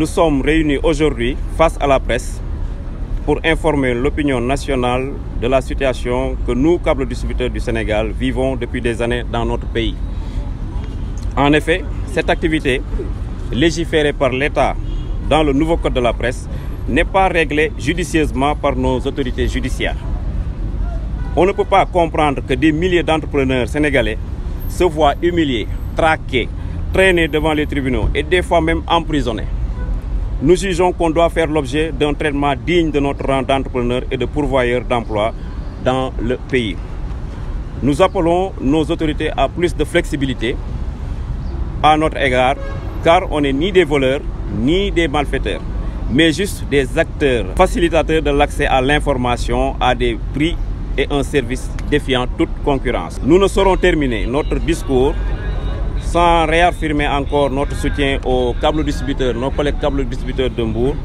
nous sommes réunis aujourd'hui face à la presse pour informer l'opinion nationale de la situation que nous, câbles distributeurs du Sénégal, vivons depuis des années dans notre pays. En effet, cette activité, légiférée par l'État dans le nouveau Code de la presse, n'est pas réglée judicieusement par nos autorités judiciaires. On ne peut pas comprendre que des milliers d'entrepreneurs sénégalais se voient humiliés, traqués, traînés devant les tribunaux et des fois même emprisonnés. Nous jugeons qu'on doit faire l'objet d'un traitement digne de notre rang d'entrepreneur et de pourvoyeur d'emplois dans le pays. Nous appelons nos autorités à plus de flexibilité à notre égard, car on n'est ni des voleurs ni des malfaiteurs, mais juste des acteurs, facilitateurs de l'accès à l'information à des prix et un service défiant toute concurrence. Nous ne saurons terminer notre discours sans réaffirmer encore notre soutien aux câbles distributeurs, nos collègues câbles distributeurs de Mbour,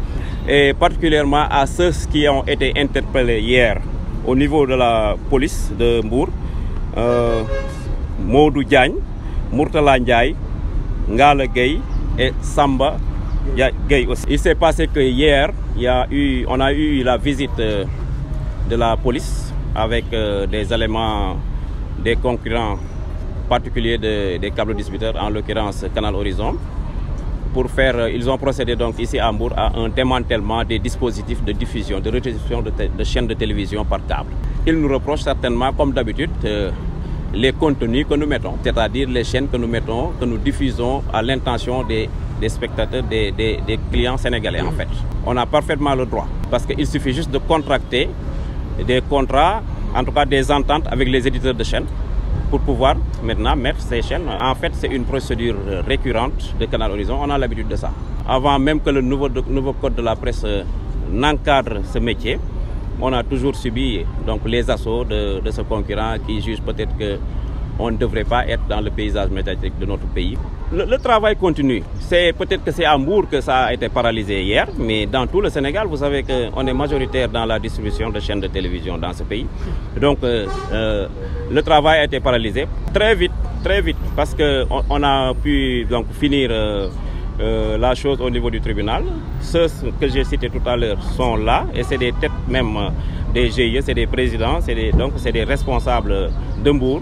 et particulièrement à ceux qui ont été interpellés hier au niveau de la police de Mbour, euh, Maudou Diagne, Murtala Ndiaye, Ngale Gueye et Samba Gay aussi. Il s'est passé que hier, il y a eu, on a eu la visite euh, de la police avec euh, des éléments des concurrents particulier des câbles distributeurs, en l'occurrence Canal Horizon. Pour faire, euh, ils ont procédé donc ici à Hambourg à un démantèlement des dispositifs de diffusion, de redistribution de, chaînes de télévision par câble. Ils nous reprochent certainement, comme d'habitude, euh, les contenus que nous mettons, c'est-à-dire les chaînes que nous mettons, que nous diffusons à l'intention des, spectateurs, des, des, clients sénégalais en fait. On a parfaitement le droit, parce qu'il suffit juste de contracter des contrats, en tout cas des ententes avec les éditeurs de chaînes, pour pouvoir maintenant mettre ces chaînes. En fait, c'est une procédure euh, récurrente de Canal Horizon. On a l'habitude de ça. Avant même que le nouveau, nouveau code de la presse euh, n'encadre ce métier, on a toujours subi donc, les assauts de, de ce concurrent qui juge peut-être qu'on ne devrait pas être dans le paysage médiatique de notre pays le, travail continue. C'est peut-être que c'est à que ça a été paralysé hier, mais dans tout le Sénégal, vous savez qu'on est majoritaire dans la distribution de chaînes de télévision dans ce pays. Donc euh, euh, le travail a été paralysé très vite, très vite, parce qu'on on, a pu donc finir. Euh, la chose au niveau du tribunal. Ceux que j'ai cités tout à l'heure sont là et c'est des têtes même des GIE, c'est des présidents, c'est donc c'est des responsables d'Embourg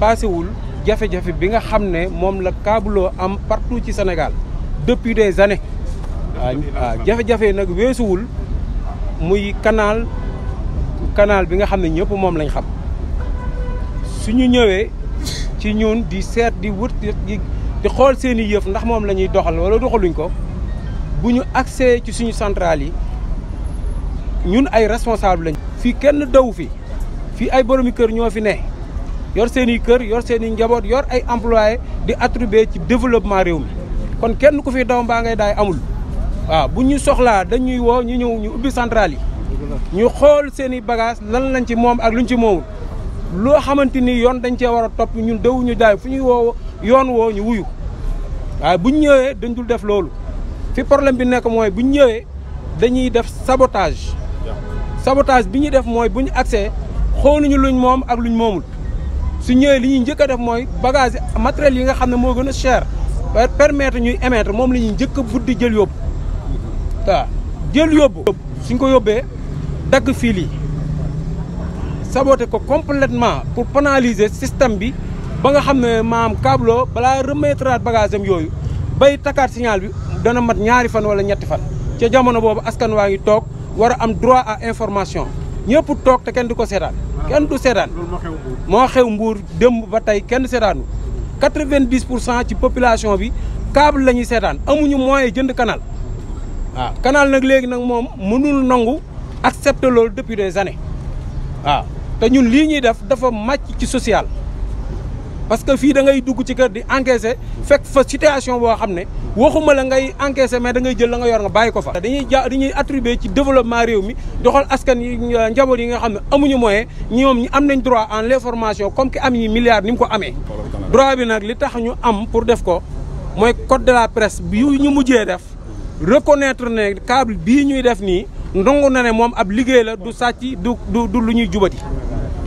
passé wul jafé jafé bi nga xamné mom moom la câbleau am partout ci Sénégal depuis des années jafé jafé nak nag wul muy canal canal bi nga xamné ñëpp mom lañ xam suñu ñëwé ci ñun di seet di wurt di di xool seen yëf ndax mom lañuy doxal wala doxaluñ ko buñu accès ci suñu centrale yi ñun ay responsable lañ fi kenn daw fi fi ay boromi kër ñoo fi ne yor seen i kër yor seen i njaboot yor ay employé di attribuer ci développement réew mi kon kenn ku fi daw mbaa ngay daay amul waaw bu ñu soxlaa dañuy woo ñu ñëw ñu ubbi centrale yi ñu xool seen i bagage lan lañ ci moom ak luñ ci moomul loo xamante ni yoon dañ cee war a topp ñun dawuñu daay fu ñuy woo yoon woo ñu wuyu waaye buñ ñëwee dañ dul def loolu fi problème bi nekk mooy buñ ñëwee dañuy def sabotage sabotage bi ñuy def mooy bu ñu accès xooluñu luñ moom ak luñ moomul su ñëwee li ñuy njëkk a def mooy bagage matériel yi nga xam ne moo gën a chair permettre ñuy émettre moom la ñu njëkk a buddi jël yóbbu waaw jël yóbbu suñ ko yóbbee dagg fil yi saboté ko complètement pour pénaliser système bi ba nga xam ne maam kablo balaa remettre bagage am yooyu bay takkaat signal bi dana mat ñaari fan wala ñetti fan ca jamono boobu askan waa ngi toog war a am droit à information ñëpp toog te kenn di ko seetaan kenn du seetaan mo xew mbuur démb ba tey kenn seetaanu quatre ci population bi câble la ñuy amuñu moyen jënd canal waaw canal nak légui nak mom mënul nangu accepter loolu depuis des années waaw té ñun lii ñuy def dafa match ci social parce que fii dangay ngay dugg ci kër di encaisser fekk fa situation boo xam ne waxuma la ngay encaisser mais da ngay jël la nga yor nga bàyyi ko fa. dañuy ja dañuy attribuer ci développement réew mi doxal askan yi euh, njaboot yi nga xam ne amuñu moyen ñoom ñi am nañ droit en l'information comme ki am yi milliards ni mu ko amee. droit bi nag li tax ñu am pour def ko mooy code de la presse bi ñu mujjee def reconnaître ne câble bii ñuy def nii ndongu na ne moom ab liggéey du sàcc du du du lu ñuy jubati.